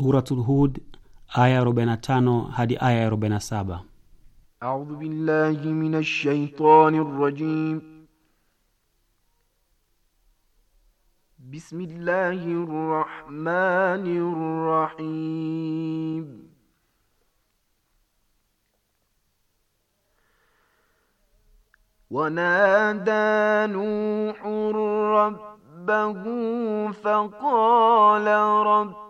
Suratul Hud aya ya 45 hadi aya ya 47. A'udhu billahi minash shaitanir rajim. Bismillahir rahmanir rahim. ونادى نوح ربه فقال رب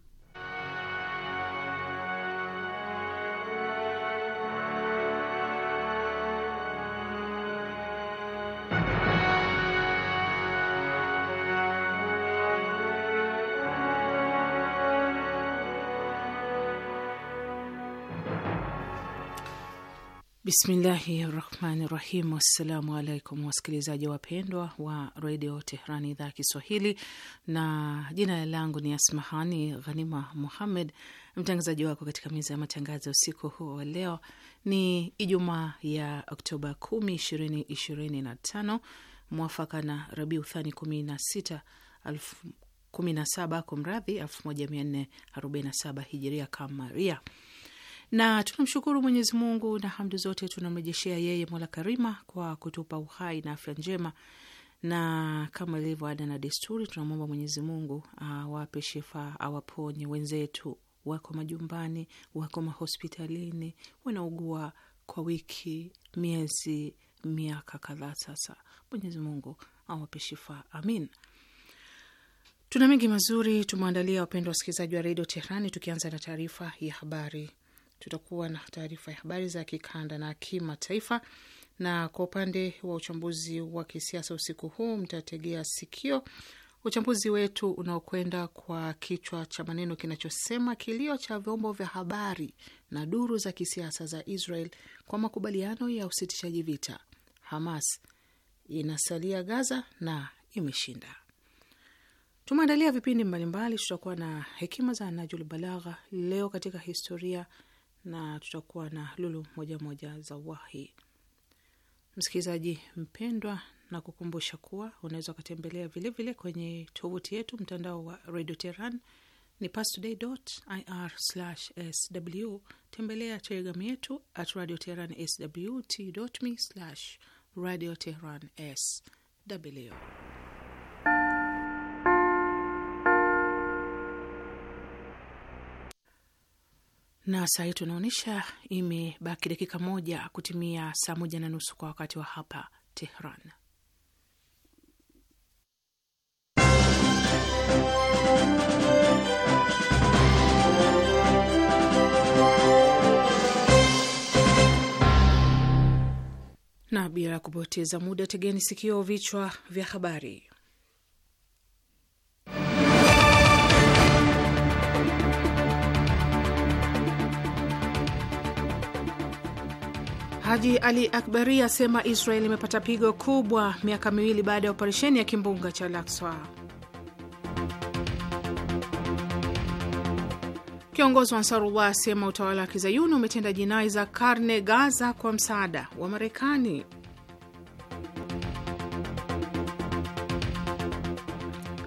Bismillahi rahmani rahim. Wassalamu alaikum wasikilizaji wapendwa wa redio Tehran, idhaa ya Kiswahili, na jina langu ni Asmahani Ghanima Muhammed, mtangazaji wako katika meza ya matangazo ya usiku huo wa leo. Ni Ijumaa ya Oktoba 10, 2025 mwafaka na Rabiu Thani 16 17 kumradhi 1447 hijiria kamaria na tunamshukuru Mwenyezi Mungu na hamdu zote tunamrejeshea yeye Mola Karima kwa kutupa uhai na afya njema, na kama ilivyo ada na desturi, tunamwomba Mwenyezi Mungu awape shifa, awaponye wenzetu, wako majumbani, wako mahospitalini, wanaugua kwa wiki, miezi, miaka kadhaa sasa. Mwenyezi Mungu awape shifa, amin. Tuna mengi mazuri tumeandalia wapendwa wasikilizaji wa redio Tehrani, tukianza na taarifa ya habari tutakuwa na taarifa ya habari za kikanda na kimataifa, na kwa upande wa uchambuzi wa kisiasa usiku huu mtategea sikio uchambuzi wetu unaokwenda kwa kichwa cha maneno kinachosema kilio cha vyombo vya habari na duru za kisiasa za Israel kwa makubaliano ya usitishaji vita, Hamas inasalia Gaza na imeshinda. Tumeandalia vipindi mbalimbali, tutakuwa na hekima za Najul Balagha, leo katika historia na tutakuwa na lulu moja moja za wahi. Msikilizaji mpendwa, na kukumbusha kuwa unaweza ukatembelea vilevile kwenye tovuti yetu mtandao wa redio tehran ni pastoday.ir/sw. Tembelea telegram yetu at radio teheran sw radio teheran sw na saa hii tunaonyesha imebaki dakika moja kutimia saa moja na nusu kwa wakati wa hapa Tehran. Na bila kupoteza muda, tegeni sikio, vichwa vya habari. Haji Ali Akbari asema Israeli imepata pigo kubwa miaka miwili baada ya operesheni ya kimbunga cha Al-Aqsa. Kiongozi wa Ansarullah asema utawala wa kizayuni umetenda jinai za karne Gaza kwa msaada wa Marekani.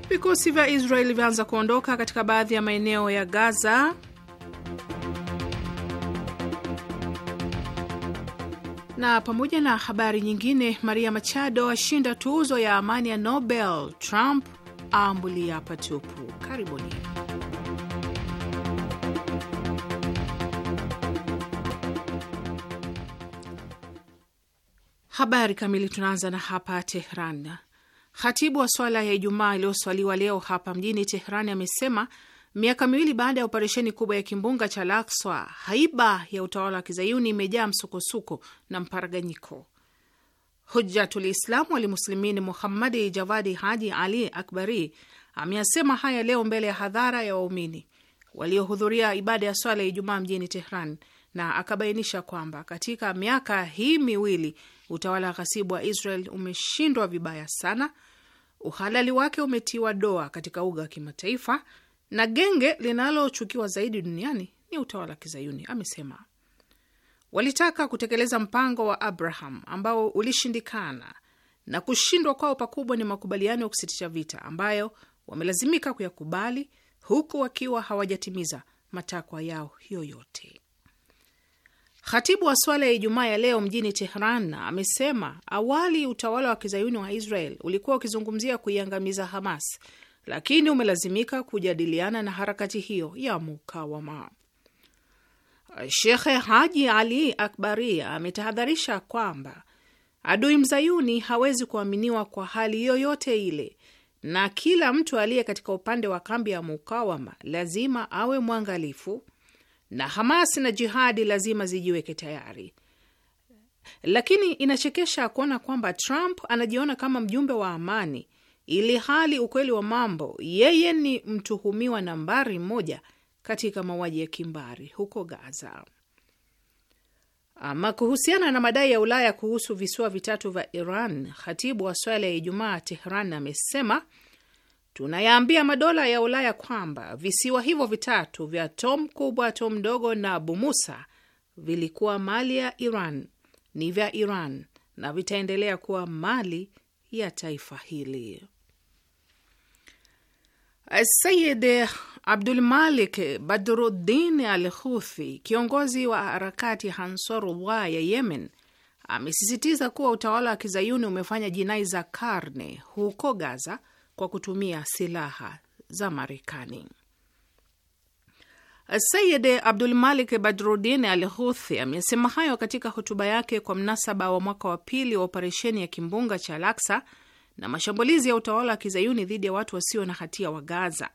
Vikosi vya Israeli vyaanza kuondoka katika baadhi ya maeneo ya Gaza Na pamoja na habari nyingine, Maria Machado ashinda tuzo ya amani ya Nobel, Trump aambulia patupu. Karibuni. Habari kamili tunaanza na hapa Tehran. Khatibu wa swala ya Ijumaa iliyoswaliwa leo hapa mjini Tehran amesema Miaka miwili baada ya operesheni kubwa ya kimbunga cha lakswa haiba ya utawala wa kizayuni imejaa msukosuko na mparaganyiko. Hujjatul Islam Muhammadi Javadi Haji Ali Akbari ameyasema haya leo mbele ya hadhara ya waumini waliohudhuria ibada ya swala ya Ijumaa mjini Tehran, na akabainisha kwamba katika miaka hii miwili utawala wa ghasibu wa Israel umeshindwa vibaya sana, uhalali wake umetiwa doa katika uga wa kimataifa na genge linalochukiwa zaidi duniani ni utawala wa Kizayuni, amesema. Walitaka kutekeleza mpango wa Abraham ambao ulishindikana, na kushindwa kwao pakubwa ni makubaliano ya kusitisha vita ambayo wamelazimika kuyakubali huku wakiwa hawajatimiza matakwa yao yoyote. Khatibu wa swala ya Ijumaa ya leo mjini Tehran amesema awali utawala wa Kizayuni wa Israel ulikuwa ukizungumzia kuiangamiza Hamas lakini umelazimika kujadiliana na harakati hiyo ya mukawama. Shekhe Haji Ali Akbaria ametahadharisha kwamba adui mzayuni hawezi kuaminiwa kwa hali yoyote ile, na kila mtu aliye katika upande wa kambi ya mukawama lazima awe mwangalifu, na Hamas na jihadi lazima zijiweke tayari. Lakini inachekesha kuona kwamba Trump anajiona kama mjumbe wa amani ili hali ukweli wa mambo yeye ni mtuhumiwa nambari moja katika mauaji ya kimbari huko Gaza. Ama kuhusiana na madai ya Ulaya kuhusu visiwa vitatu vya Iran, khatibu wa swala ya Ijumaa Tehran amesema tunayaambia madola ya Ulaya kwamba visiwa hivyo vitatu vya Tom kubwa, Tom ndogo na bumusa vilikuwa mali ya Iran, ni vya Iran na vitaendelea kuwa mali ya taifa hili. Sayid Abdulmalik Badruddin al Huthi, kiongozi wa harakati Hansarullah ya Yemen, amesisitiza kuwa utawala wa kizayuni umefanya jinai za karne huko Gaza kwa kutumia silaha za Marekani. Sayid Abdulmalik Badruddin al Huthi amesema hayo katika hotuba yake kwa mnasaba wa mwaka wa pili wa operesheni ya kimbunga cha Laksa na mashambulizi ya utawala wa kizayuni dhidi ya watu wasio na hatia wa Gaza.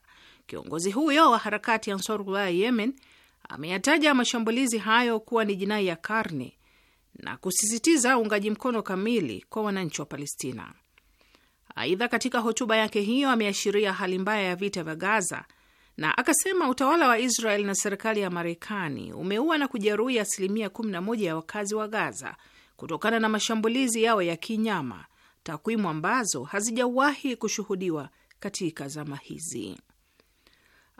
Kiongozi huyo wa harakati ya Ansarullah ya Yemen ameyataja mashambulizi hayo kuwa ni jinai ya karne na kusisitiza uungaji mkono kamili kwa wananchi wa Palestina. Aidha, katika hotuba yake hiyo ameashiria hali mbaya ya vita vya Gaza na akasema utawala wa Israel na serikali ya Marekani umeua na kujeruhi asilimia 11 ya wakazi wa Gaza kutokana na mashambulizi yao ya kinyama takwimu ambazo hazijawahi kushuhudiwa katika zama hizi.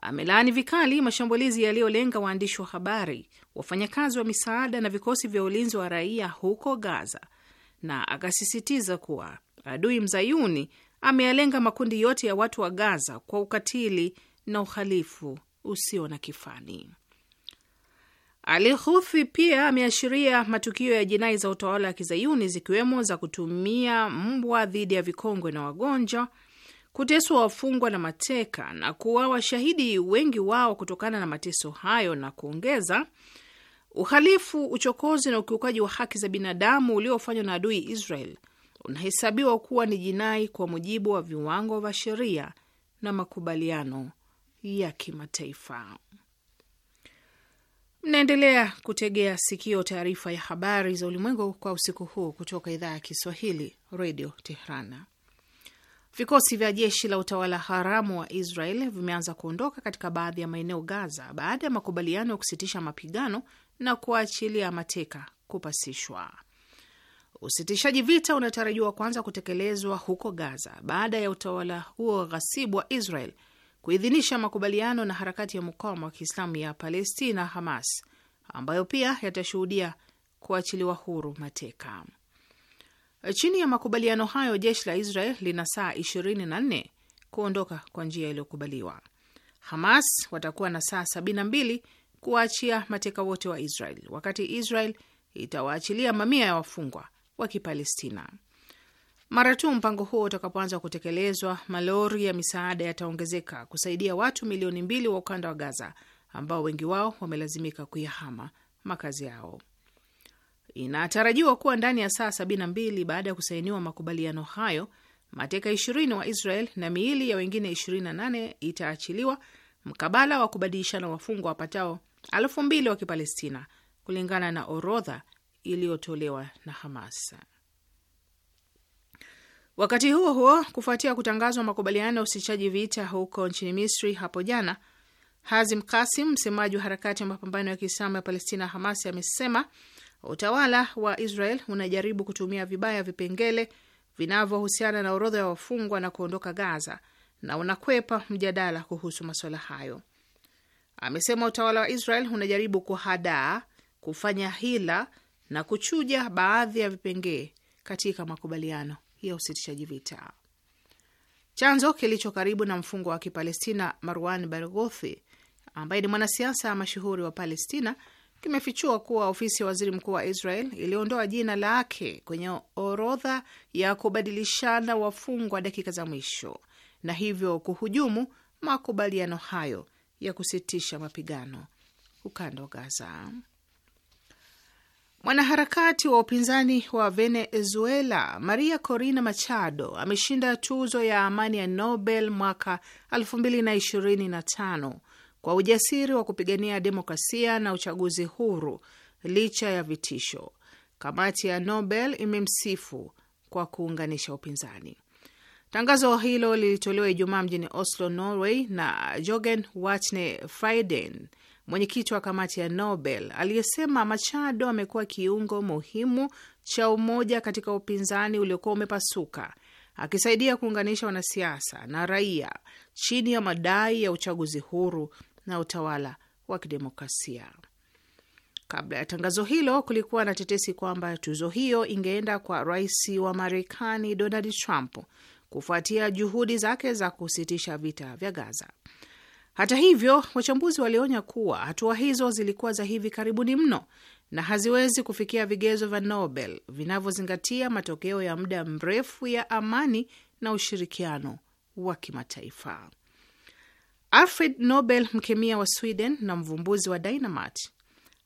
Amelaani vikali mashambulizi yaliyolenga waandishi wa habari, wafanyakazi wa misaada na vikosi vya ulinzi wa raia huko Gaza, na akasisitiza kuwa adui mzayuni ameyalenga makundi yote ya watu wa Gaza kwa ukatili na uhalifu usio na kifani. Ali pia ameashiria matukio ya jinai za utawala wa kizayuni zikiwemo za kutumia mbwa dhidi ya vikongwe na wagonjwa, kuteswa wafungwa na mateka na kuwa washahidi wengi wao kutokana na mateso hayo, na kuongeza uhalifu, uchokozi na ukiukaji wa haki za binadamu uliofanywa na adui Israel unahesabiwa kuwa ni jinai kwa mujibu wa viwango vya sheria na makubaliano ya kimataifa. Mnaendelea kutegea sikio taarifa ya habari za ulimwengu kwa usiku huu kutoka idhaa ya Kiswahili Radio Tehrana. Vikosi vya jeshi la utawala haramu wa Israel vimeanza kuondoka katika baadhi ya maeneo Gaza baada ya makubaliano ya kusitisha mapigano na kuachilia mateka kupasishwa. Usitishaji vita unatarajiwa kuanza kutekelezwa huko Gaza baada ya utawala huo ghasibu wa Israel kuidhinisha makubaliano na harakati ya mukawama wa Kiislamu ya Palestina, Hamas, ambayo pia yatashuhudia kuachiliwa huru mateka. Chini ya makubaliano hayo, jeshi la Israel lina saa 24 kuondoka kwa njia iliyokubaliwa. Hamas watakuwa na saa 72 kuwaachia mateka wote wa Israel, wakati Israel itawaachilia mamia ya wafungwa wa Kipalestina. Mara tu mpango huo utakapoanza kutekelezwa, malori ya misaada yataongezeka kusaidia watu milioni mbili wa ukanda wa Gaza ambao wengi wao wamelazimika kuyahama makazi yao. Inatarajiwa kuwa ndani ya saa 72 baada ya kusainiwa makubaliano hayo, mateka 20 wa Israel na miili ya wengine 28 itaachiliwa mkabala wa kubadilishana wafungwa wapatao elfu mbili wa Kipalestina kulingana na orodha iliyotolewa na Hamas. Wakati huo huo, kufuatia kutangazwa makubaliano ya usitishaji vita huko nchini Misri hapo jana, Hazim Kasim, msemaji wa harakati ya mapambano ya Kiislamu ya Palestina Hamas, amesema utawala wa Israel unajaribu kutumia vibaya vipengele vinavyohusiana na orodha ya wafungwa na kuondoka Gaza na unakwepa mjadala kuhusu masuala hayo. Amesema utawala wa Israel unajaribu kuhadaa, kufanya hila na kuchuja baadhi ya vipengee katika makubaliano ya usitishaji vita. Chanzo kilicho karibu na mfungwa wa Kipalestina Marwan Barghouti, ambaye ni mwanasiasa mashuhuri wa Palestina, kimefichua kuwa ofisi ya waziri mkuu wa Israel iliondoa jina lake kwenye orodha ya kubadilishana wafungwa dakika za mwisho na hivyo kuhujumu makubaliano hayo ya kusitisha mapigano ukanda wa Gaza. Mwanaharakati wa upinzani wa Venezuela Maria Corina Machado ameshinda tuzo ya amani ya Nobel mwaka 2025 kwa ujasiri wa kupigania demokrasia na uchaguzi huru licha ya vitisho. Kamati ya Nobel imemsifu kwa kuunganisha upinzani. Tangazo hilo lilitolewa Ijumaa mjini Oslo, Norway na Jorgen Watne Frieden mwenyekiti wa kamati ya Nobel aliyesema Machado amekuwa kiungo muhimu cha umoja katika upinzani uliokuwa umepasuka, akisaidia kuunganisha wanasiasa na raia chini ya madai ya uchaguzi huru na utawala wa kidemokrasia. Kabla ya tangazo hilo, kulikuwa na tetesi kwamba tuzo hiyo ingeenda kwa rais wa Marekani Donald Trump kufuatia juhudi zake za kusitisha vita vya Gaza. Hata hivyo, wachambuzi walionya kuwa hatua hizo zilikuwa za hivi karibuni mno na haziwezi kufikia vigezo vya Nobel vinavyozingatia matokeo ya muda mrefu ya amani na ushirikiano wa kimataifa. Alfred Nobel, mkemia wa Sweden na mvumbuzi wa dynamite,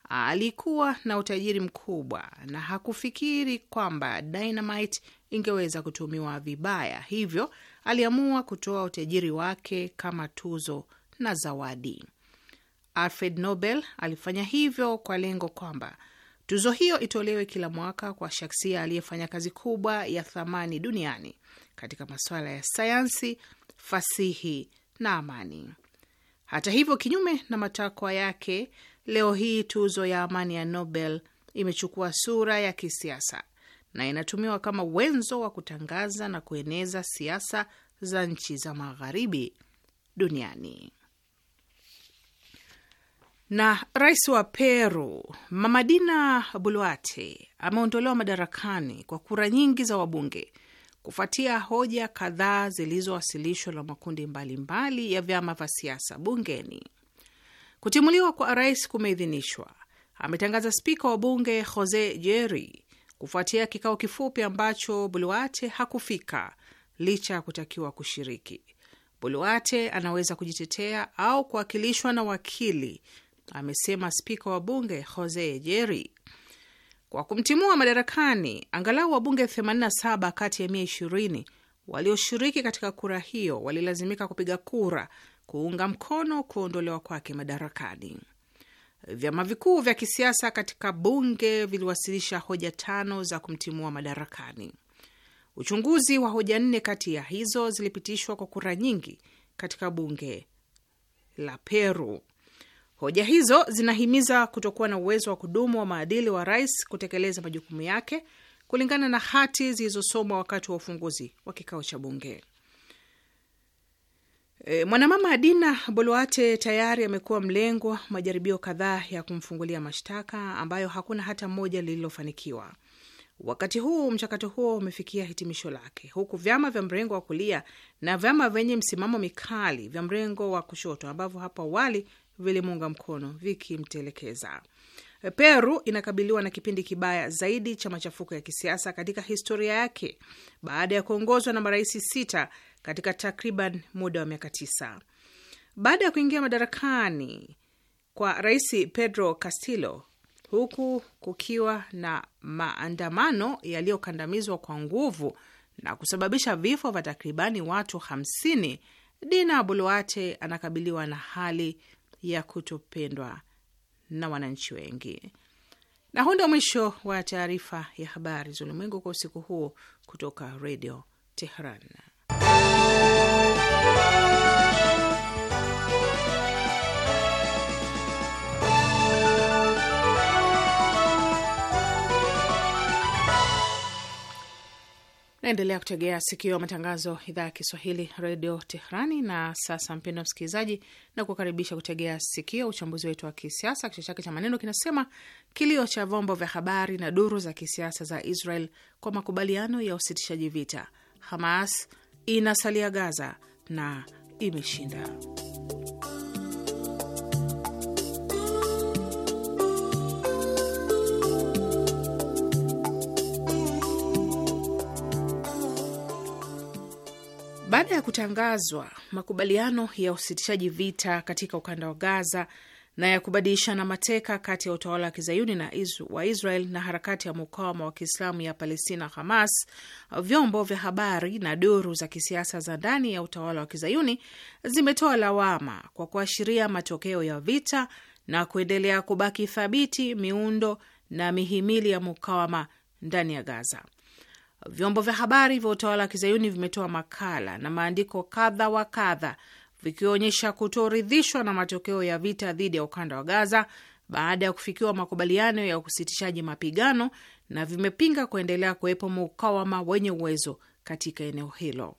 alikuwa na utajiri mkubwa na hakufikiri kwamba dynamite ingeweza kutumiwa vibaya, hivyo aliamua kutoa utajiri wake kama tuzo na zawadi. Alfred Nobel alifanya hivyo kwa lengo kwamba tuzo hiyo itolewe kila mwaka kwa shaksia aliyefanya kazi kubwa ya thamani duniani katika masuala ya sayansi, fasihi na amani. Hata hivyo, kinyume na matakwa yake, leo hii tuzo ya amani ya Nobel imechukua sura ya kisiasa na inatumiwa kama wenzo wa kutangaza na kueneza siasa za nchi za magharibi duniani. Na rais wa Peru Mamadina bulwate ameondolewa madarakani kwa kura nyingi za wabunge kufuatia hoja kadhaa zilizowasilishwa na makundi mbalimbali mbali ya vyama vya siasa bungeni. Kutimuliwa kwa rais kumeidhinishwa, ametangaza spika wa bunge Jose Jeri kufuatia kikao kifupi ambacho bulwate hakufika licha ya kutakiwa kushiriki. bulwate anaweza kujitetea au kuwakilishwa na wakili amesema spika wa bunge Jose Jeri. Kwa kumtimua madarakani angalau wabunge 87 kati ya 120 walioshiriki katika kura hiyo walilazimika kupiga kura kuunga mkono kuondolewa kwake madarakani. Vyama vikuu vya kisiasa katika bunge viliwasilisha hoja tano za kumtimua madarakani. Uchunguzi wa hoja nne kati ya hizo zilipitishwa kwa kura nyingi katika bunge la Peru. Hoja hizo zinahimiza kutokuwa na uwezo wa kudumu wa maadili wa rais kutekeleza majukumu yake kulingana na hati zilizosomwa wakati wa ufunguzi wa kikao cha bunge. E, mwanamama Adina Boluarte tayari amekuwa mlengwa majaribio kadhaa ya kumfungulia mashtaka ambayo hakuna hata moja lililofanikiwa. Wakati huu mchakato huo umefikia hitimisho lake, huku vyama vya mrengo wa kulia na vyama vyenye msimamo mikali vya mrengo wa kushoto ambavyo hapo awali vilimuunga mkono vikimtelekeza. Peru inakabiliwa na kipindi kibaya zaidi cha machafuko ya kisiasa katika historia yake baada ya kuongozwa na marais sita katika takriban muda wa miaka tisa. Baada ya kuingia madarakani kwa Rais Pedro Castillo, huku kukiwa na maandamano yaliyokandamizwa kwa nguvu na kusababisha vifo vya takribani watu 50, Dina Boluarte anakabiliwa na hali ya kutopendwa na wananchi wengi. Na huu ndio mwisho wa taarifa ya habari za ulimwengu kwa usiku huo kutoka Redio Tehran. Naendelea kutegea sikio matangazo idhaa ya Kiswahili redio Tehrani. Na sasa, mpendo msikilizaji, na kukaribisha kutegea sikio uchambuzi wetu wa kisiasa. Kichwa chake cha maneno kinasema kilio cha vyombo vya habari na duru za kisiasa za Israel kwa makubaliano ya usitishaji vita, Hamas inasalia Gaza na imeshinda. Baada ya kutangazwa makubaliano ya usitishaji vita katika ukanda wa Gaza na ya kubadilishana mateka kati ya utawala wa kizayuni na wa Israel na harakati ya mukawama wa kiislamu ya Palestina, Hamas, vyombo vya habari na duru za kisiasa za ndani ya utawala wa kizayuni zimetoa lawama kwa kuashiria matokeo ya vita na kuendelea kubaki thabiti miundo na mihimili ya mukawama ndani ya Gaza. Vyombo vya habari vya utawala wa kizayuni vimetoa makala na maandiko kadha wa kadha vikionyesha kutoridhishwa na matokeo ya vita dhidi ya ukanda wa Gaza baada ya kufikiwa makubaliano ya usitishaji mapigano na vimepinga kuendelea kuwepo mukawama wenye uwezo katika eneo hilo.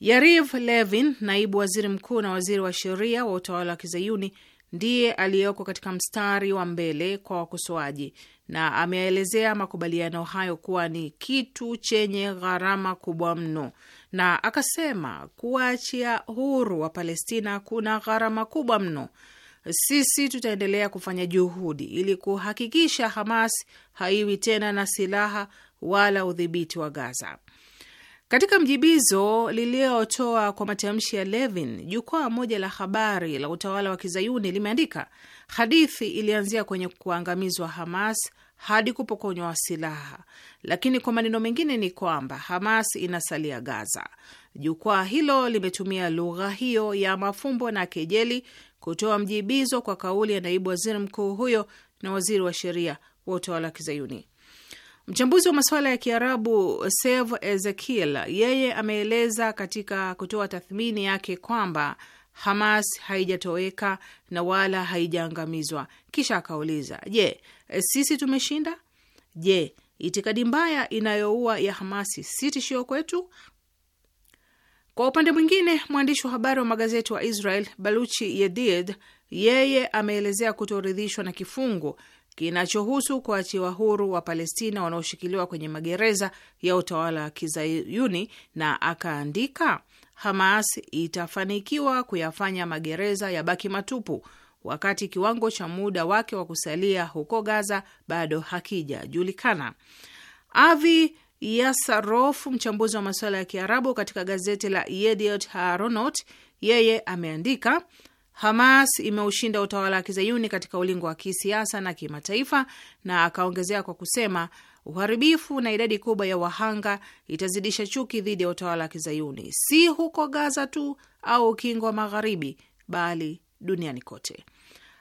Yariv Levin, naibu waziri mkuu na waziri wa sheria wa utawala wa kizayuni, ndiye aliyoko katika mstari wa mbele kwa wakosoaji na ameelezea makubaliano hayo kuwa ni kitu chenye gharama kubwa mno, na akasema kuwaachia huru wa Palestina kuna gharama kubwa mno. Sisi tutaendelea kufanya juhudi ili kuhakikisha Hamas haiwi tena na silaha wala udhibiti wa Gaza. Katika mjibizo liliyotoa kwa matamshi ya Levin, jukwaa moja la habari la utawala wa kizayuni limeandika Hadithi ilianzia kwenye kuangamizwa Hamas hadi kupokonywa silaha, lakini kwa maneno mengine ni kwamba Hamas inasalia Gaza. Jukwaa hilo limetumia lugha hiyo ya mafumbo na kejeli kutoa mjibizo kwa kauli ya naibu waziri mkuu huyo na waziri wa sheria wa utawala wa Kizayuni. Mchambuzi wa masuala ya Kiarabu Sev Ezekiel yeye ameeleza katika kutoa tathmini yake kwamba Hamas haijatoweka na wala haijaangamizwa. Kisha akauliza, je, sisi tumeshinda? Je, itikadi mbaya inayoua ya Hamasi si tishio kwetu? Kwa upande mwingine, mwandishi wa habari wa magazeti wa Israel Baluchi Yedid yeye ameelezea kutoridhishwa na kifungo kinachohusu kuachiwa huru wa Palestina wanaoshikiliwa kwenye magereza ya utawala wa kizayuni na akaandika Hamas itafanikiwa kuyafanya magereza ya baki matupu wakati kiwango cha muda wake wa kusalia huko Gaza bado hakijajulikana. Avi Yasarof, mchambuzi wa masuala ya Kiarabu katika gazeti la Yediot Haronot, yeye ameandika Hamas imeushinda utawala wa kizayuni katika ulingo wa kisiasa na kimataifa, na akaongezea kwa kusema uharibifu na idadi kubwa ya wahanga itazidisha chuki dhidi ya utawala wa kizayuni si huko Gaza tu au ukingo wa Magharibi, bali duniani kote.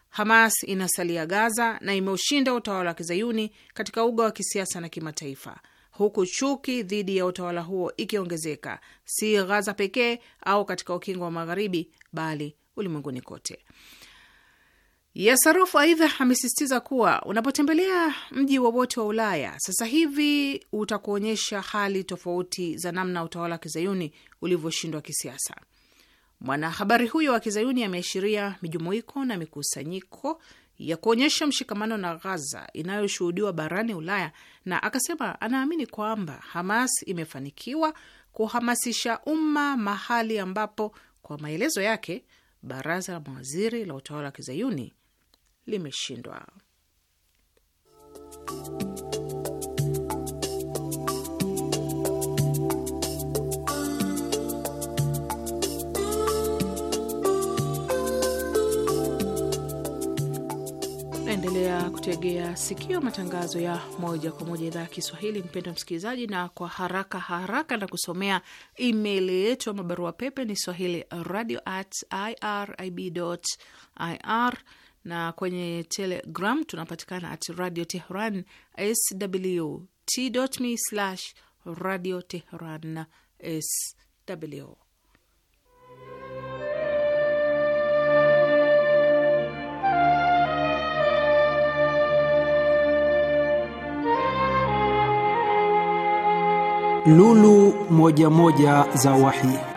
Hamas inasalia Gaza na imeushinda utawala wa kizayuni katika uga wa kisiasa na kimataifa, huku chuki dhidi ya utawala huo ikiongezeka si Gaza pekee au katika ukingo wa Magharibi, bali ulimwenguni kote. Yasarof aidha amesisitiza kuwa unapotembelea mji wowote wa Ulaya sasa hivi utakuonyesha hali tofauti za namna utawala wa kizayuni ulivyoshindwa kisiasa. Mwanahabari huyo wa kizayuni ameashiria mijumuiko na mikusanyiko ya kuonyesha mshikamano na Ghaza inayoshuhudiwa barani Ulaya, na akasema anaamini kwamba Hamas imefanikiwa kuhamasisha umma mahali ambapo, kwa maelezo yake, baraza la mawaziri la utawala wa kizayuni limeshindwa. Endelea kutegea sikio matangazo ya moja kwa moja idhaa ya Kiswahili, mpendo msikilizaji, na kwa haraka haraka na kusomea email yetu ama barua pepe ni swahili radio at irib.ir na kwenye Telegram tunapatikana at Radio Tehran sw t.me slash Radio Tehran sw. Lulu moja moja za Wahi.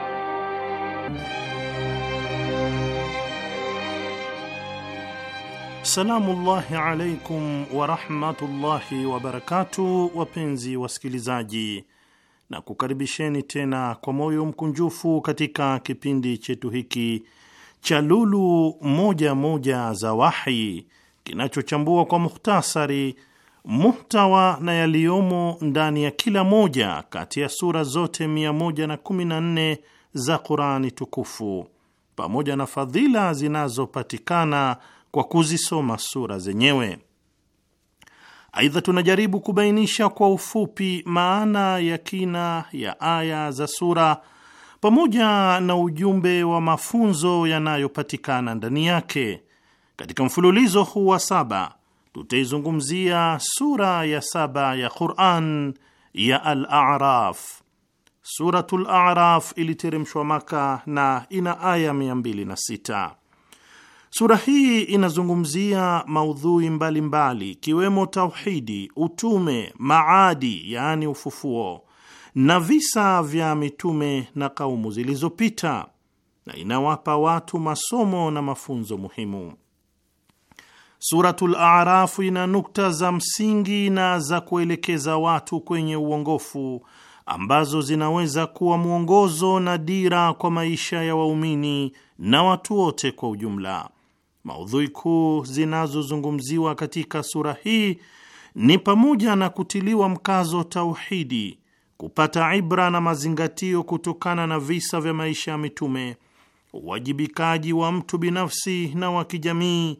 Assalamullahi alaikum warahmatullahi wabarakatu, wapenzi wasikilizaji, na kukaribisheni tena kwa moyo mkunjufu katika kipindi chetu hiki cha Lulu Moja Moja za Wahi kinachochambua kwa mukhtasari muhtawa na yaliyomo ndani ya kila moja kati ya sura zote 114 za Qurani tukufu pamoja na fadhila zinazopatikana kwa kuzisoma sura zenyewe. Aidha, tunajaribu kubainisha kwa ufupi maana ya kina ya aya za sura pamoja na ujumbe wa mafunzo yanayopatikana ndani yake. Katika mfululizo huu wa saba tutaizungumzia sura ya saba ya Quran ya Al-A'raf. Suratul A'raf iliteremshwa Maka na ina aya 206. Sura hii inazungumzia maudhui mbalimbali ikiwemo mbali, tauhidi, utume, maadi yaani ufufuo na visa vya mitume na kaumu zilizopita na inawapa watu masomo na mafunzo muhimu. Suratul Arafu ina nukta za msingi na za kuelekeza watu kwenye uongofu ambazo zinaweza kuwa mwongozo na dira kwa maisha ya waumini na watu wote kwa ujumla. Maudhui kuu zinazozungumziwa katika sura hii ni pamoja na kutiliwa mkazo tauhidi, kupata ibra na mazingatio kutokana na visa vya maisha ya mitume, uwajibikaji wa mtu binafsi na wa kijamii,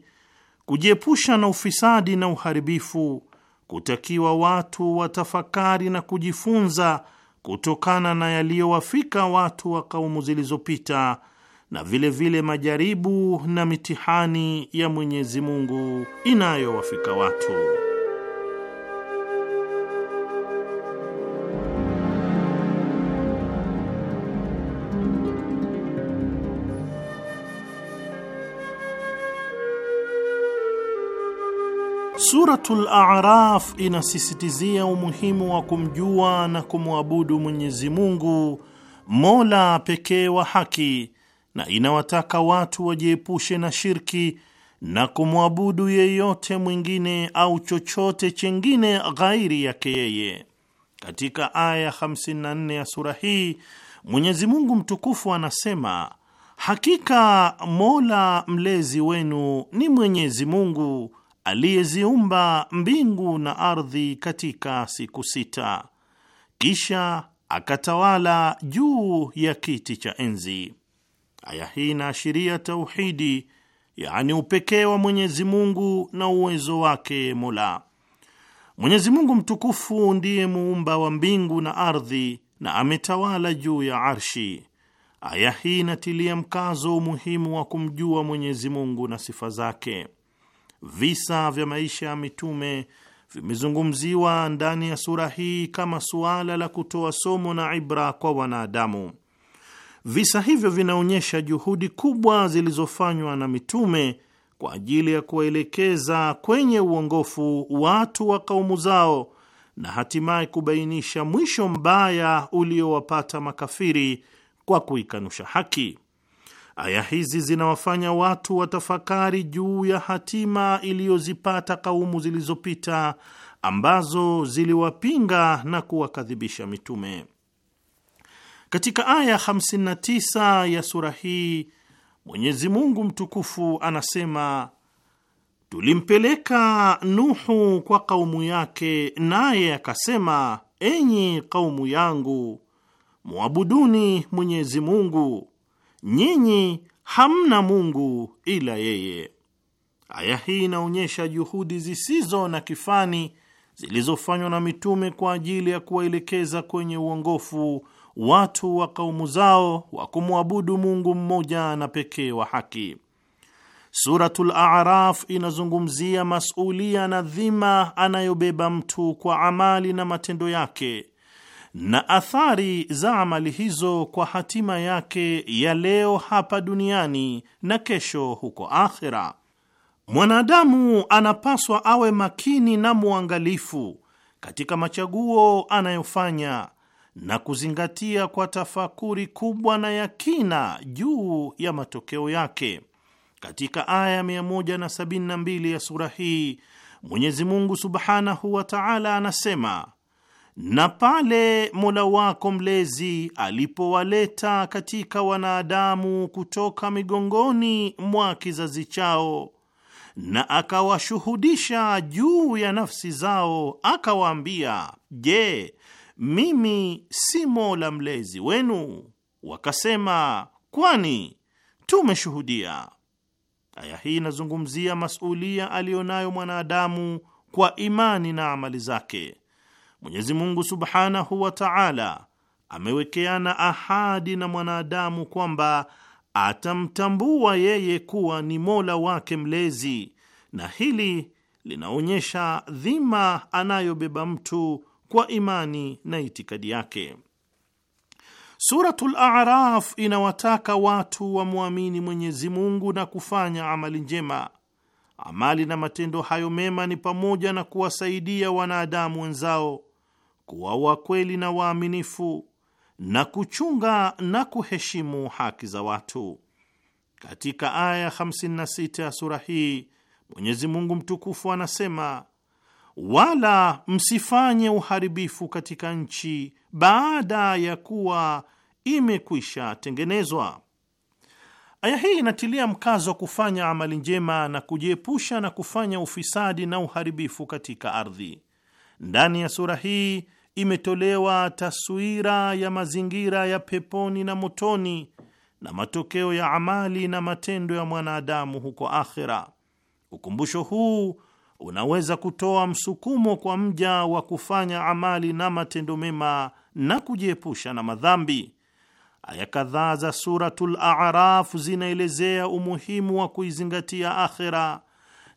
kujiepusha na ufisadi na uharibifu, kutakiwa watu watafakari na kujifunza kutokana na yaliyowafika watu wa kaumu zilizopita na vilevile vile majaribu na mitihani ya Mwenyezi Mungu inayowafika watu. Suratul A'raf inasisitizia umuhimu wa kumjua na kumwabudu Mwenyezi Mungu, Mola pekee wa haki na inawataka watu wajiepushe na shirki na kumwabudu yeyote mwingine au chochote chengine ghairi yake yeye. Katika aya 54 ya sura hii Mwenyezi Mungu mtukufu anasema, hakika Mola mlezi wenu ni Mwenyezi Mungu aliyeziumba mbingu na ardhi katika siku sita, kisha akatawala juu ya kiti cha enzi. Aya hii inaashiria tauhidi, yaani upekee wa Mwenyezi Mungu na uwezo wake Mola. Mwenyezi Mungu mtukufu ndiye muumba wa mbingu na ardhi na ametawala juu ya arshi. Aya hii inatilia mkazo umuhimu wa kumjua Mwenyezi Mungu na sifa zake. Visa vya maisha ya mitume vimezungumziwa ndani ya sura hii kama suala la kutoa somo na ibra kwa wanadamu. Visa hivyo vinaonyesha juhudi kubwa zilizofanywa na mitume kwa ajili ya kuwaelekeza kwenye uongofu watu wa kaumu zao na hatimaye kubainisha mwisho mbaya uliowapata makafiri kwa kuikanusha haki. Aya hizi zinawafanya watu watafakari juu ya hatima iliyozipata kaumu zilizopita ambazo ziliwapinga na kuwakadhibisha mitume. Katika aya 59 ya sura hii Mwenyezi Mungu mtukufu anasema, tulimpeleka Nuhu kwa kaumu yake, naye akasema, enyi kaumu yangu mwabuduni Mwenyezi Mungu, nyinyi hamna Mungu ila yeye. Aya hii inaonyesha juhudi zisizo na kifani zilizofanywa na mitume kwa ajili ya kuwaelekeza kwenye uongofu watu wa kaumu zao wa kumwabudu Mungu mmoja na pekee wa haki. Suratul Araf inazungumzia masulia na dhima anayobeba mtu kwa amali na matendo yake na athari za amali hizo kwa hatima yake ya leo hapa duniani na kesho huko akhera. Mwanadamu anapaswa awe makini na mwangalifu katika machaguo anayofanya na kuzingatia kwa tafakuri kubwa na ya kina juu ya matokeo yake. Katika aya 172 ya sura hii Mwenyezi Mungu subhanahu wa taala anasema, na pale Mola wako mlezi alipowaleta katika wanadamu kutoka migongoni mwa kizazi chao na akawashuhudisha juu ya nafsi zao, akawaambia: Je, mimi si Mola mlezi wenu? Wakasema, kwani tumeshuhudia. Aya hii inazungumzia masulia aliyonayo mwanadamu kwa imani na amali zake. Mwenyezi Mungu subhanahu wa taala amewekeana ahadi na mwanadamu kwamba atamtambua yeye kuwa ni Mola wake mlezi, na hili linaonyesha dhima anayobeba mtu kwa imani na itikadi yake. Suratul Araf inawataka watu wamwamini Mwenyezi Mungu na kufanya amali njema. Amali na matendo hayo mema ni pamoja na kuwasaidia wanadamu wenzao, kuwa wakweli na waaminifu, na kuchunga na kuheshimu haki za watu. Katika aya 56 ya sura hii Mwenyezi Mungu mtukufu anasema: wala msifanye uharibifu katika nchi baada ya kuwa imekwisha tengenezwa. Aya hii inatilia mkazo wa kufanya amali njema na kujiepusha na kufanya ufisadi na uharibifu katika ardhi. Ndani ya sura hii imetolewa taswira ya mazingira ya peponi na motoni na matokeo ya amali na matendo ya mwanadamu huko akhira. Ukumbusho huu unaweza kutoa msukumo kwa mja wa kufanya amali na matendo mema na kujiepusha na madhambi. Aya kadhaa za Suratul Araf zinaelezea umuhimu wa kuizingatia akhera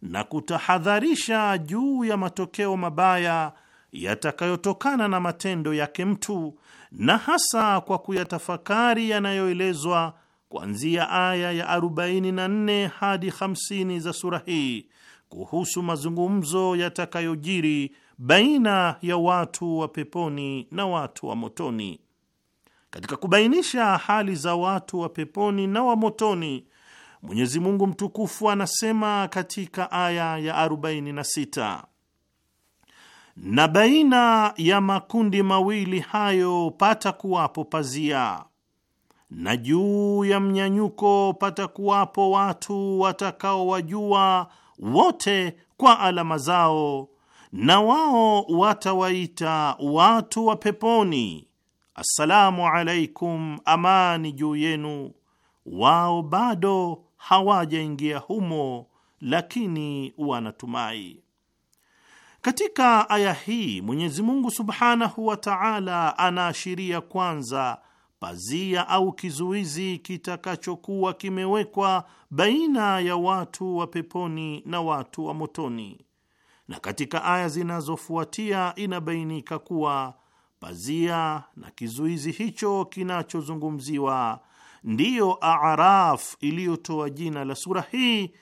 na kutahadharisha juu ya matokeo mabaya yatakayotokana na matendo yake mtu, na hasa kwa kuyatafakari yanayoelezwa kuanzia aya ya 44 hadi 50 za sura hii kuhusu mazungumzo yatakayojiri baina ya watu wa peponi na watu wa motoni. Katika kubainisha hali za watu wa peponi na wa motoni, Mwenyezi Mungu mtukufu anasema katika aya ya 46 na baina ya makundi mawili hayo pata kuwapo pazia, na juu ya mnyanyuko pata kuwapo watu watakaowajua wote kwa alama zao, na wao watawaita watu wa peponi, assalamu alaikum, amani juu yenu. Wao bado hawajaingia humo, lakini wanatumai. Katika aya hii Mwenyezi Mungu subhanahu wa taala anaashiria kwanza pazia au kizuizi kitakachokuwa kimewekwa baina ya watu wa peponi na watu wa motoni. Na katika aya zinazofuatia inabainika kuwa pazia na kizuizi hicho kinachozungumziwa ndiyo araf iliyotoa jina la sura hii,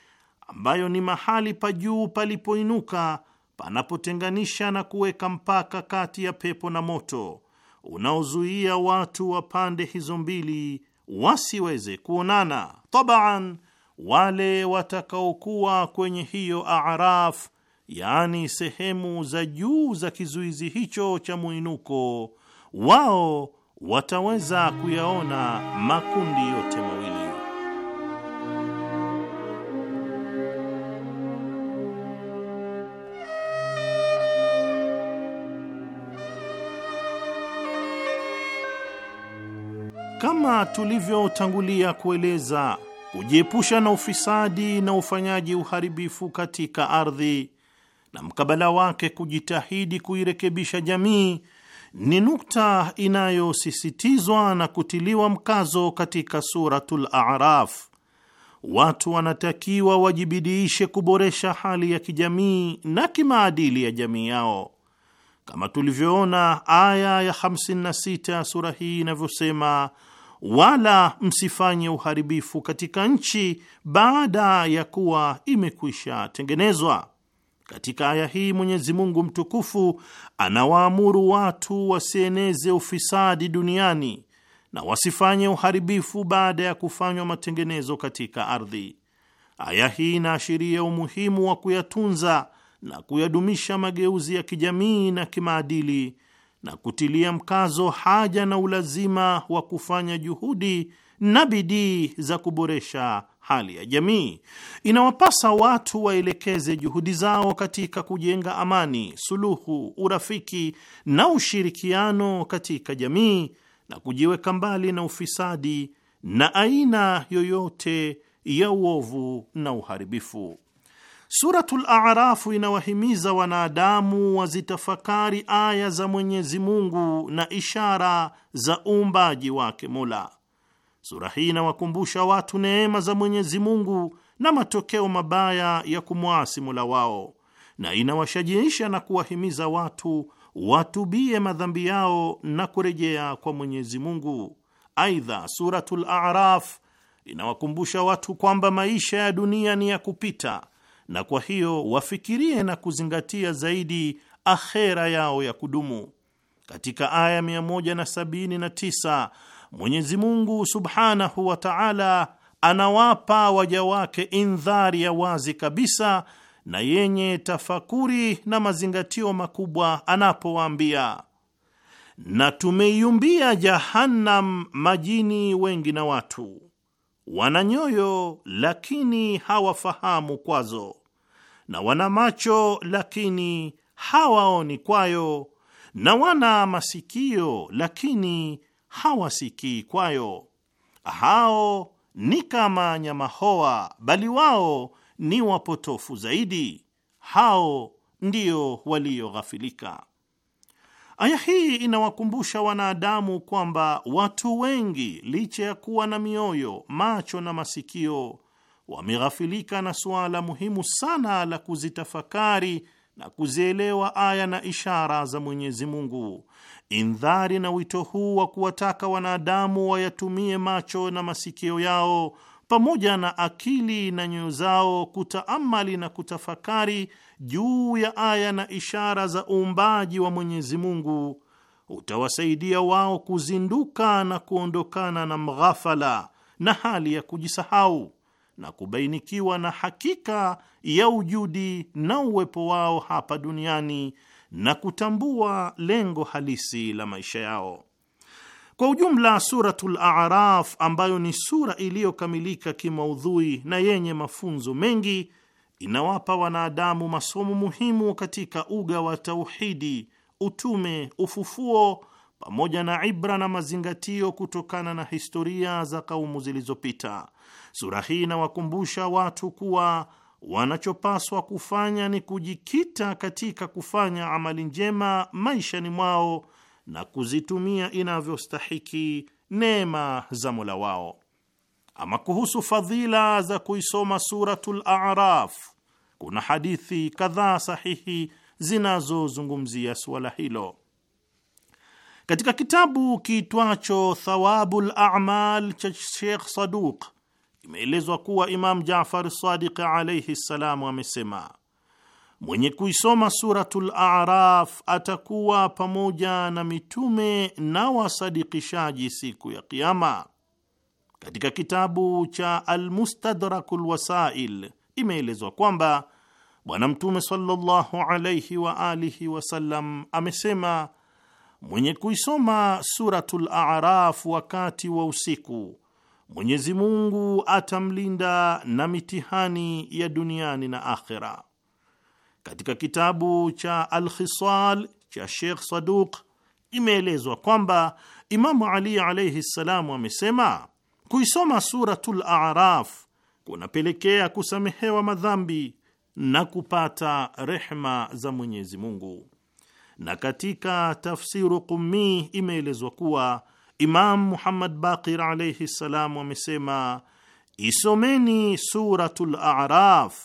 ambayo ni mahali pa juu palipoinuka, panapotenganisha na kuweka mpaka kati ya pepo na moto unaozuia watu wa pande hizo mbili wasiweze kuonana. Tabaan, wale watakaokuwa kwenye hiyo araf, yaani sehemu za juu za kizuizi hicho cha mwinuko, wao wataweza kuyaona makundi yote. Kama tulivyotangulia kueleza, kujiepusha na ufisadi na ufanyaji uharibifu katika ardhi na mkabala wake kujitahidi kuirekebisha jamii ni nukta inayosisitizwa na kutiliwa mkazo katika Suratul Araf. Watu wanatakiwa wajibidiishe kuboresha hali ya kijamii na kimaadili ya jamii yao, kama tulivyoona aya ya 56 ya sura hii inavyosema wala msifanye uharibifu katika nchi baada ya kuwa imekwisha tengenezwa. Katika aya hii Mwenyezi Mungu mtukufu anawaamuru watu wasieneze ufisadi duniani na wasifanye uharibifu baada ya kufanywa matengenezo katika ardhi. Aya hii inaashiria umuhimu wa kuyatunza na kuyadumisha mageuzi ya kijamii na kimaadili na kutilia mkazo haja na ulazima wa kufanya juhudi na bidii za kuboresha hali ya jamii. Inawapasa watu waelekeze juhudi zao katika kujenga amani, suluhu, urafiki na ushirikiano katika jamii na kujiweka mbali na ufisadi na aina yoyote ya uovu na uharibifu. Suratul Arafu inawahimiza wanadamu wazitafakari aya za Mwenyezi Mungu na ishara za uumbaji wake Mola. Sura hii inawakumbusha watu neema za Mwenyezi Mungu na matokeo mabaya ya kumwasi Mola wao, na inawashajiisha na kuwahimiza watu watubie madhambi yao na kurejea kwa Mwenyezi Mungu. Aidha, Suratul Araf inawakumbusha watu kwamba maisha ya dunia ni ya kupita na kwa hiyo wafikirie na kuzingatia zaidi akhera yao ya kudumu. Katika aya 179 Mwenyezi Mungu subhanahu wa taala anawapa waja wake indhari ya wazi kabisa na yenye tafakuri na mazingatio makubwa anapowaambia, na tumeiumbia Jahannam majini wengi na watu, wana nyoyo lakini hawafahamu kwazo na wana macho lakini hawaoni kwayo, na wana masikio lakini hawasikii kwayo. Hao ni kama nyama hoa, bali wao ni wapotofu zaidi. Hao ndio walioghafilika. Aya hii inawakumbusha wanadamu kwamba watu wengi licha ya kuwa na mioyo, macho na masikio wameghafilika na suala muhimu sana la kuzitafakari na kuzielewa aya na ishara za Mwenyezi Mungu. Indhari na wito huu wa kuwataka wanadamu wayatumie macho na masikio yao pamoja na akili na nyoyo zao kutaamali na kutafakari juu ya aya na ishara za uumbaji wa Mwenyezi Mungu utawasaidia wao kuzinduka na kuondokana na mghafala na hali ya kujisahau na kubainikiwa na hakika ya ujudi na uwepo wao hapa duniani na kutambua lengo halisi la maisha yao. Kwa ujumla, Suratul Araf ambayo ni sura iliyokamilika kimaudhui na yenye mafunzo mengi inawapa wanadamu masomo muhimu katika uga wa tauhidi, utume, ufufuo pamoja na ibra na mazingatio kutokana na historia za kaumu zilizopita Sura hii inawakumbusha watu kuwa wanachopaswa kufanya ni kujikita katika kufanya amali njema maishani mwao na kuzitumia inavyostahiki neema za Mola wao. Ama kuhusu fadhila za kuisoma Suratul Araf, kuna hadithi kadhaa sahihi zinazozungumzia suala hilo. Katika kitabu kiitwacho Thawabul Amal cha Sheikh Saduq Imeelezwa kuwa Imam Jafar Sadiq alaihi ssalam amesema, mwenye kuisoma Suratul Araf atakuwa pamoja na mitume na wasadikishaji siku ya Kiama. Katika kitabu cha almustadraku lwasail imeelezwa kwamba Bwana Mtume sallallahu alaihi wa alihi wasallam amesema, mwenye kuisoma Suratul Araf wakati wa usiku Mwenyezi Mungu atamlinda na mitihani ya duniani na akhera. Katika kitabu cha alkhisal cha Sheikh Saduq imeelezwa kwamba Imamu Ali alayhi ssalamu amesema kuisoma Suratul Araf kunapelekea kusamehewa madhambi na kupata rehma za Mwenyezi Mungu. Na katika tafsiru Qummi imeelezwa kuwa Imam Muhammad Baqir alaihi ssalam amesema isomeni Suratul Araf,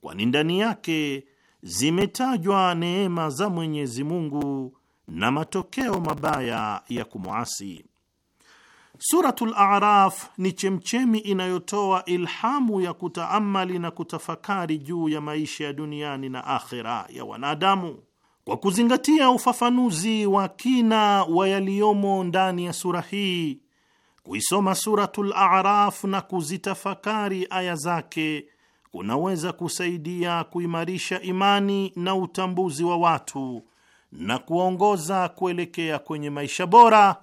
kwani ndani yake zimetajwa neema za Mwenyezi Mungu na matokeo mabaya ya kumwasi. Suratul Araf ni chemchemi inayotoa ilhamu ya kutaamali na kutafakari juu ya maisha ya duniani na akhera ya wanadamu. Kwa kuzingatia ufafanuzi wa kina wa yaliyomo ndani ya sura hii, kuisoma Suratul Araf na kuzitafakari aya zake kunaweza kusaidia kuimarisha imani na utambuzi wa watu na kuwaongoza kuelekea kwenye maisha bora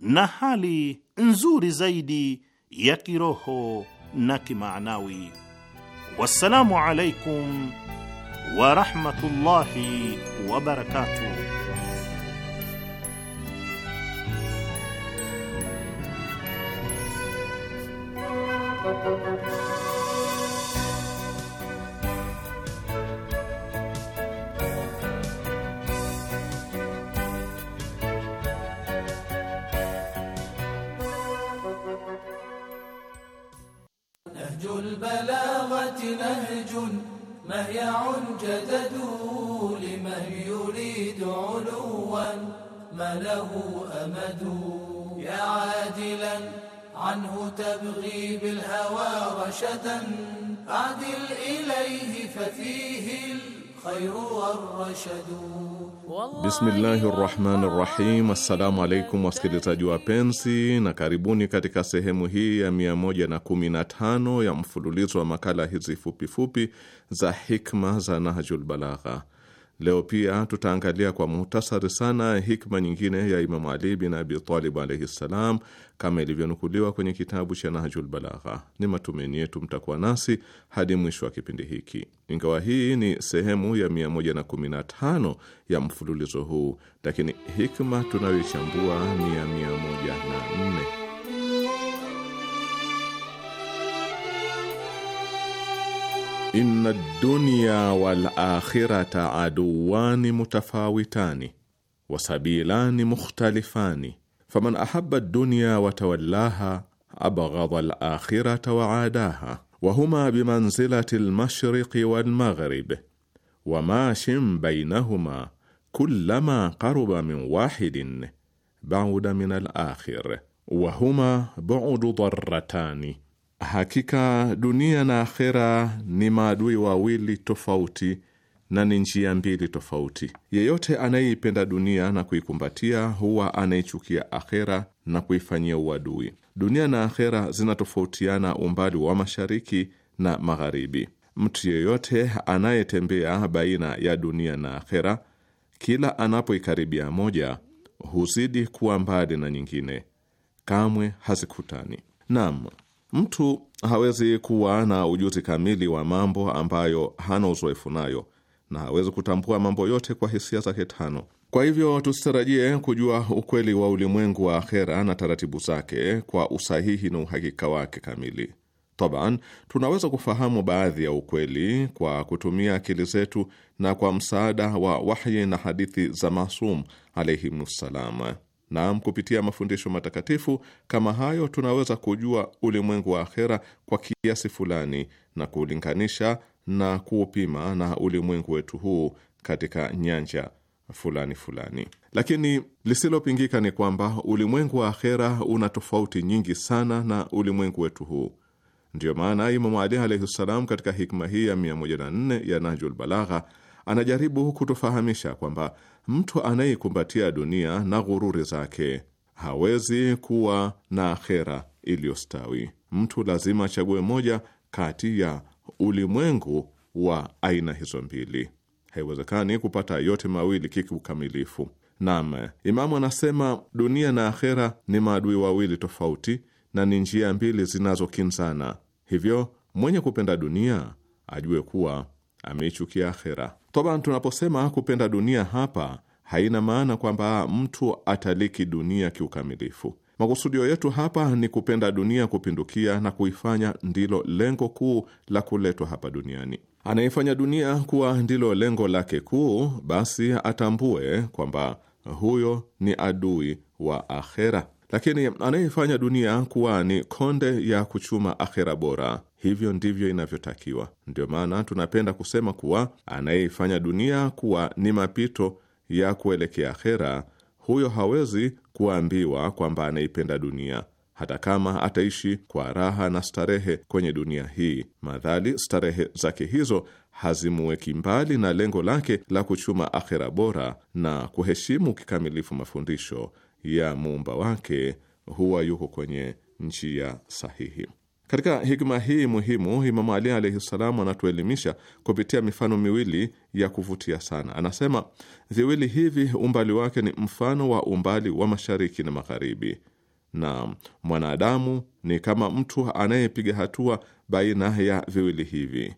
na hali nzuri zaidi ya kiroho na kimaanawi. Wassalamu alaikum ورحمة الله وبركاته نهج البلاغة نهج مهيع جدد لمن يريد علوا ما له أمد يا عادلا عنه تبغي بالهوى رشدا أعدل إليه ففيه الخير والرشد Bismillahi rahmani rahim. Assalamu alaikum wasikilizaji wapenzi, na karibuni katika sehemu hii ya 115 ya mfululizo wa makala hizi fupifupi za hikma za Nahjul Balagha. Leo pia tutaangalia kwa muhtasari sana hikma nyingine ya Imamu Ali bin Abi Talib alaihi ssalam, kama ilivyonukuliwa kwenye kitabu cha Nahjul Balagha. Ni matumaini yetu mtakuwa nasi hadi mwisho wa kipindi hiki. Ingawa hii ni sehemu ya 115 ya mfululizo huu, lakini hikma tunayoichambua ni ya 104. إن الدنيا والآخرة عدوان متفاوتان وسبيلان مختلفان فمن أحب الدنيا وتولاها أبغض الآخرة وعاداها وهما بمنزلة المشرق والمغرب وماش بينهما كلما قرب من واحد بعد من الآخر وهما بعد ضرتان Hakika dunia na akhera ni maadui wawili tofauti na ni njia mbili tofauti. Yeyote anayeipenda dunia na kuikumbatia huwa anaichukia akhera na kuifanyia uadui. Dunia na akhera zinatofautiana umbali wa mashariki na magharibi. Mtu yeyote anayetembea baina ya dunia na akhera, kila anapoikaribia moja huzidi kuwa mbali na nyingine, kamwe hazikutani. Naam. Mtu hawezi kuwa na ujuzi kamili wa mambo ambayo hana uzoefu nayo, na hawezi kutambua mambo yote kwa hisia zake tano. Kwa hivyo tusitarajie kujua ukweli wa ulimwengu wa akhera na taratibu zake kwa usahihi na uhakika wake kamili. Taban, tunaweza kufahamu baadhi ya ukweli kwa kutumia akili zetu na kwa msaada wa wahyi na hadithi za Masum alayhimussalam. Naam, kupitia mafundisho matakatifu kama hayo tunaweza kujua ulimwengu wa akhera kwa kiasi fulani na kuulinganisha na kuupima na ulimwengu wetu huu katika nyanja fulani fulani, lakini lisilopingika ni kwamba ulimwengu wa akhera una tofauti nyingi sana na ulimwengu wetu huu. Ndiyo maana Imamu Ali alaihi ssalam katika hikma hii ya 104 ya najul Balagha anajaribu kutufahamisha kwamba mtu anayekumbatia dunia na ghururi zake hawezi kuwa na akhera iliyostawi. Mtu lazima achague moja kati ya ulimwengu wa aina hizo mbili. Haiwezekani kupata yote mawili kikiukamilifu. Naam, Imamu anasema dunia na akhera ni maadui wawili tofauti na ni njia mbili zinazokinzana. Hivyo mwenye kupenda dunia ajue kuwa ameichukia akhera. Toba, tunaposema kupenda dunia hapa haina maana kwamba mtu ataliki dunia kiukamilifu. Makusudio yetu hapa ni kupenda dunia kupindukia na kuifanya ndilo lengo kuu la kuletwa hapa duniani. anayefanya dunia kuwa ndilo lengo lake kuu, basi atambue kwamba huyo ni adui wa akhera. Lakini anayefanya dunia kuwa ni konde ya kuchuma akhera bora hivyo ndivyo inavyotakiwa. Ndio maana tunapenda kusema kuwa anayeifanya dunia kuwa ni mapito ya kuelekea akhera, huyo hawezi kuambiwa kwamba anaipenda dunia, hata kama ataishi kwa raha na starehe kwenye dunia hii, madhali starehe zake hizo hazimuweki mbali na lengo lake la kuchuma akhera bora na kuheshimu kikamilifu mafundisho ya muumba wake, huwa yuko kwenye njia sahihi. Katika hikma hii muhimu, Imamu Ali alaihi ssalam anatuelimisha kupitia mifano miwili ya kuvutia sana. Anasema viwili hivi umbali wake ni mfano wa umbali wa mashariki na magharibi, na mwanadamu ni kama mtu anayepiga hatua baina ya viwili hivi.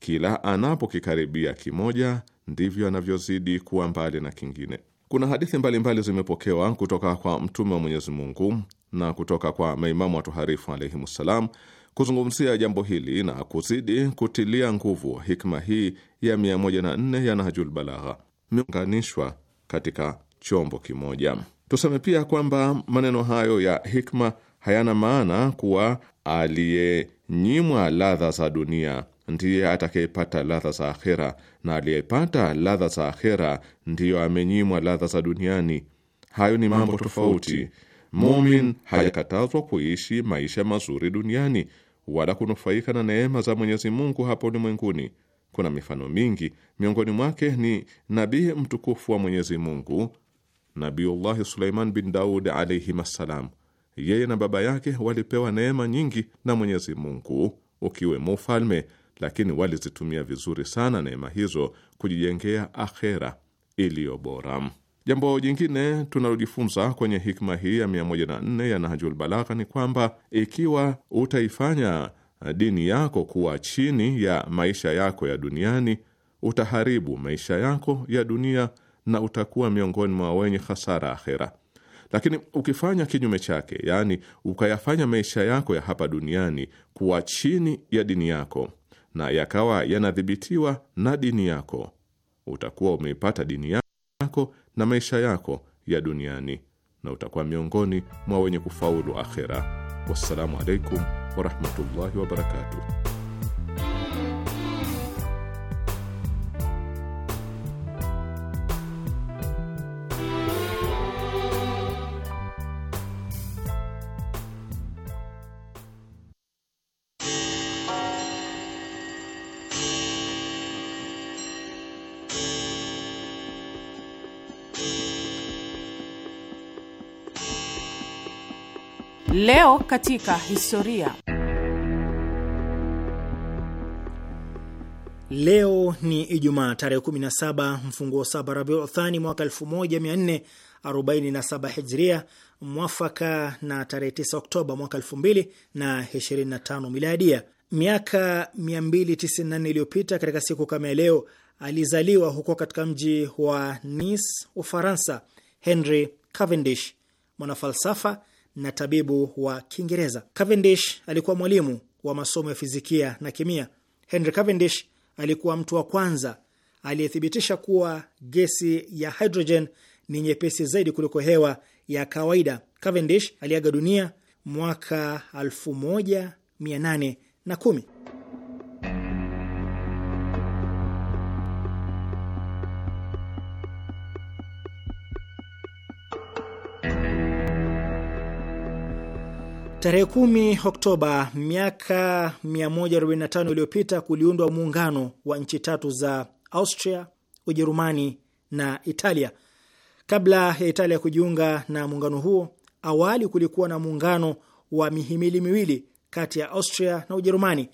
Kila anapokikaribia kimoja, ndivyo anavyozidi kuwa mbali na kingine. Kuna hadithi mbalimbali zimepokewa kutoka kwa Mtume wa Mwenyezi Mungu na kutoka kwa maimamu watoharifu alaihimussalam kuzungumzia jambo hili na kuzidi kutilia nguvu hikma hii ya 104 ya Nahjul Balagha miunganishwa katika chombo kimoja. Tuseme pia kwamba maneno hayo ya hikma hayana maana kuwa aliyenyimwa ladha za dunia ndiye atakayepata ladha za akhera, na aliyepata ladha za akhera ndiyo amenyimwa ladha za duniani. Hayo ni mambo tofauti Mumin hayakatazwa kuishi maisha mazuri duniani wala kunufaika na neema za Mwenyezi Mungu hapa ulimwenguni. Kuna mifano mingi, miongoni mwake ni nabii mtukufu wa Mwenyezi Mungu Nabiullahi Suleiman bin Daud alayhim assalam. Yeye na baba yake walipewa neema nyingi na Mwenyezi Mungu ukiwemo ufalme, lakini walizitumia vizuri sana neema hizo kujijengea akhera iliyo bora. Jambo jingine tunalojifunza kwenye hikma hii ya 104 ya Nahjul Balagha ni kwamba ikiwa utaifanya dini yako kuwa chini ya maisha yako ya duniani, utaharibu maisha yako ya dunia na utakuwa miongoni mwa wenye hasara akhera. Lakini ukifanya kinyume chake, yaani ukayafanya maisha yako ya hapa duniani kuwa chini ya dini yako na yakawa yanadhibitiwa na dini yako, utakuwa umeipata dini yako na maisha yako ya duniani na utakuwa miongoni mwa wenye kufaulu akhera. Wassalamu alaikum warahmatullahi wabarakatuh. Leo katika historia. Leo ni Ijumaa tarehe 17 mfunguo saba Rabiu mwaka 1447 Hijria, mwafaka na tarehe 9 Oktoba mwaka 2025 Miladia. Miaka 294 iliyopita katika siku kama ya leo alizaliwa huko katika mji wa Nice, Ufaransa, Henry Cavendish, mwanafalsafa na tabibu wa Kiingereza. Cavendish alikuwa mwalimu wa masomo ya fizikia na kemia. Henry Cavendish alikuwa mtu wa kwanza aliyethibitisha kuwa gesi ya hydrogen ni nyepesi zaidi kuliko hewa ya kawaida. Cavendish aliaga dunia mwaka 1810. Tarehe 10 Oktoba miaka 145 iliyopita kuliundwa muungano wa nchi tatu za Austria, Ujerumani na Italia. Kabla ya Italia kujiunga na muungano huo, awali kulikuwa na muungano wa mihimili miwili kati ya Austria na Ujerumani.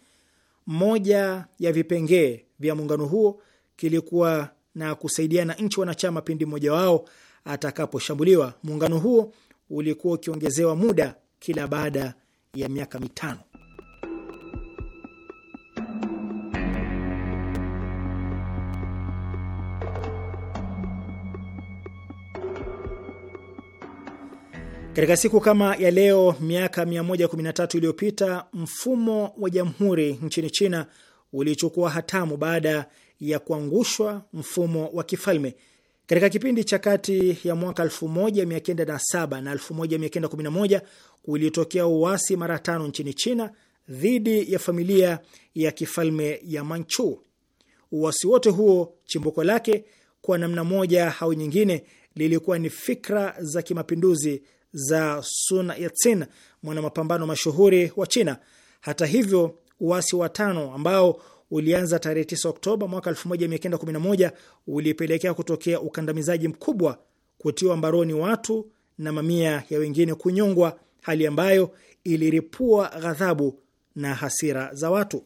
Moja ya vipengee vya muungano huo kilikuwa na kusaidiana nchi wanachama pindi mmoja wao atakaposhambuliwa. Muungano huo ulikuwa ukiongezewa muda kila baada ya miaka mitano. Katika siku kama ya leo miaka 113 iliyopita mfumo wa jamhuri nchini China ulichukua hatamu baada ya kuangushwa mfumo wa kifalme. Katika kipindi cha kati ya mwaka 1907 na 1911 ulitokea uasi mara tano nchini China dhidi ya familia ya kifalme ya Manchu. Uasi wote huo chimbuko lake kwa namna moja au nyingine lilikuwa ni fikra za kimapinduzi za Sun Yat-sen, mashuhuri wa China. Hata hivyo, uasi wa tano ambao ulianza tarehe 9 Oktoba mwaka 1911 ulipelekea kutokea ukandamizaji mkubwa, kutiwa mbaroni watu na mamia ya wengine kunyongwa hali ambayo iliripua ghadhabu na hasira za watu.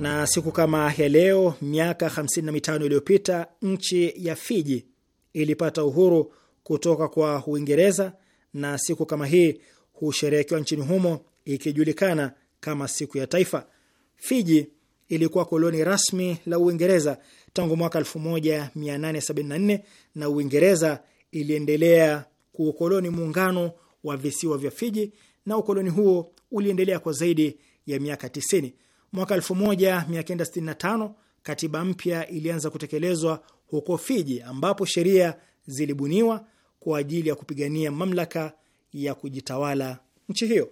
Na siku kama ya leo miaka 55 iliyopita nchi ya Fiji ilipata uhuru kutoka kwa Uingereza, na siku kama hii husherehekewa nchini humo ikijulikana kama siku ya taifa. Fiji ilikuwa koloni rasmi la Uingereza tangu mwaka 1874 na Uingereza iliendelea kuukoloni muungano wa visiwa vya Fiji na ukoloni huo uliendelea kwa zaidi ya miaka 90. Mwaka 1965 katiba mpya ilianza kutekelezwa huko Fiji, ambapo sheria zilibuniwa kwa ajili ya kupigania mamlaka ya kujitawala nchi hiyo.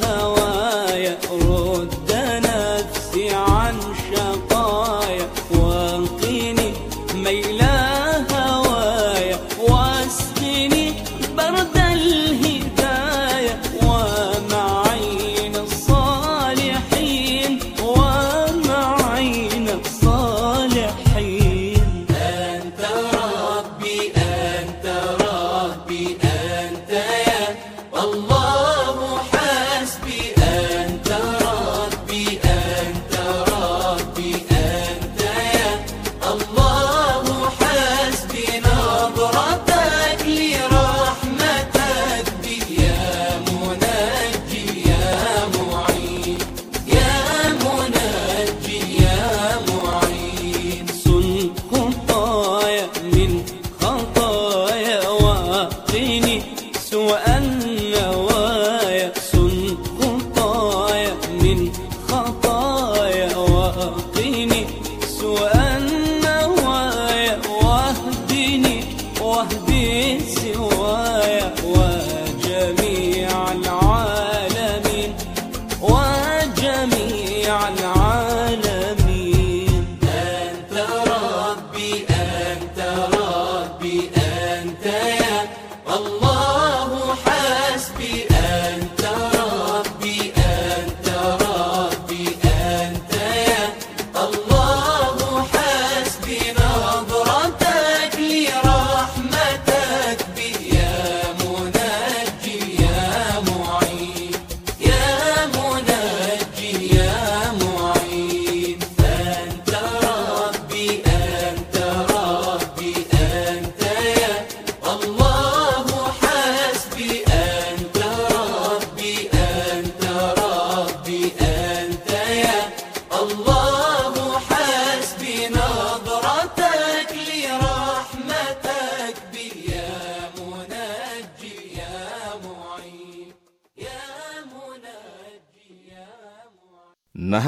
هوايا رد